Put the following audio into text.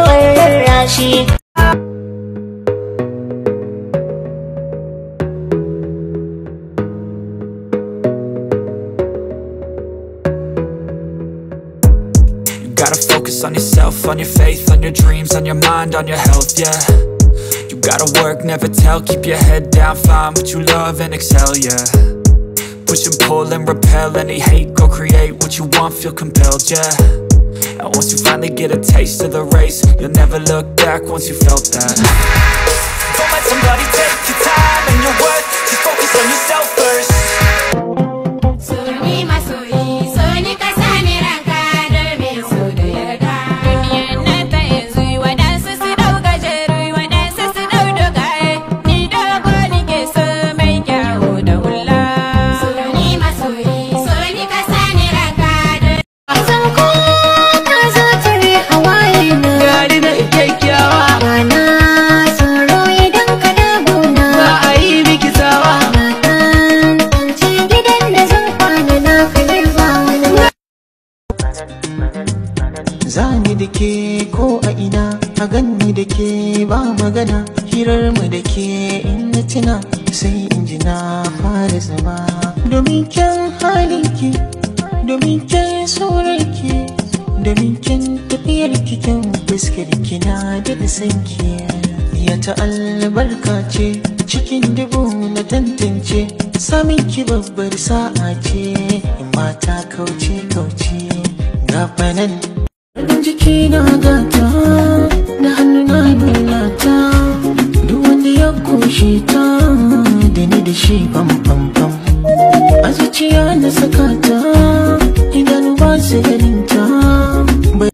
You Gotta focus on yourself, on your faith, on your dreams, on your mind, on your health, yeah You gotta work, never tell, keep your head down, find what you love and excel, yeah Push and pull and repel any hate, go create what you want, feel compelled, yeah and once you finally get a taste of the race You'll never look back once you felt that ke ko a ina a ganni da ke ba magana hirar mu da ke in na tuna sai in ji na fara zama domin kyan halinki domin kyan saurarki domin kyan tafiyar kyan fuskar na da san sanki ya ta albarka ce cikin dubu na tantance samin ki babbar sa'a ce mata kauce kauce ga gafanan jiki na gata da hannu na mulata duk wanda ya kushe ta da ni da shi pam pam pam a zuciya na saka ta idanu ba su ganin ta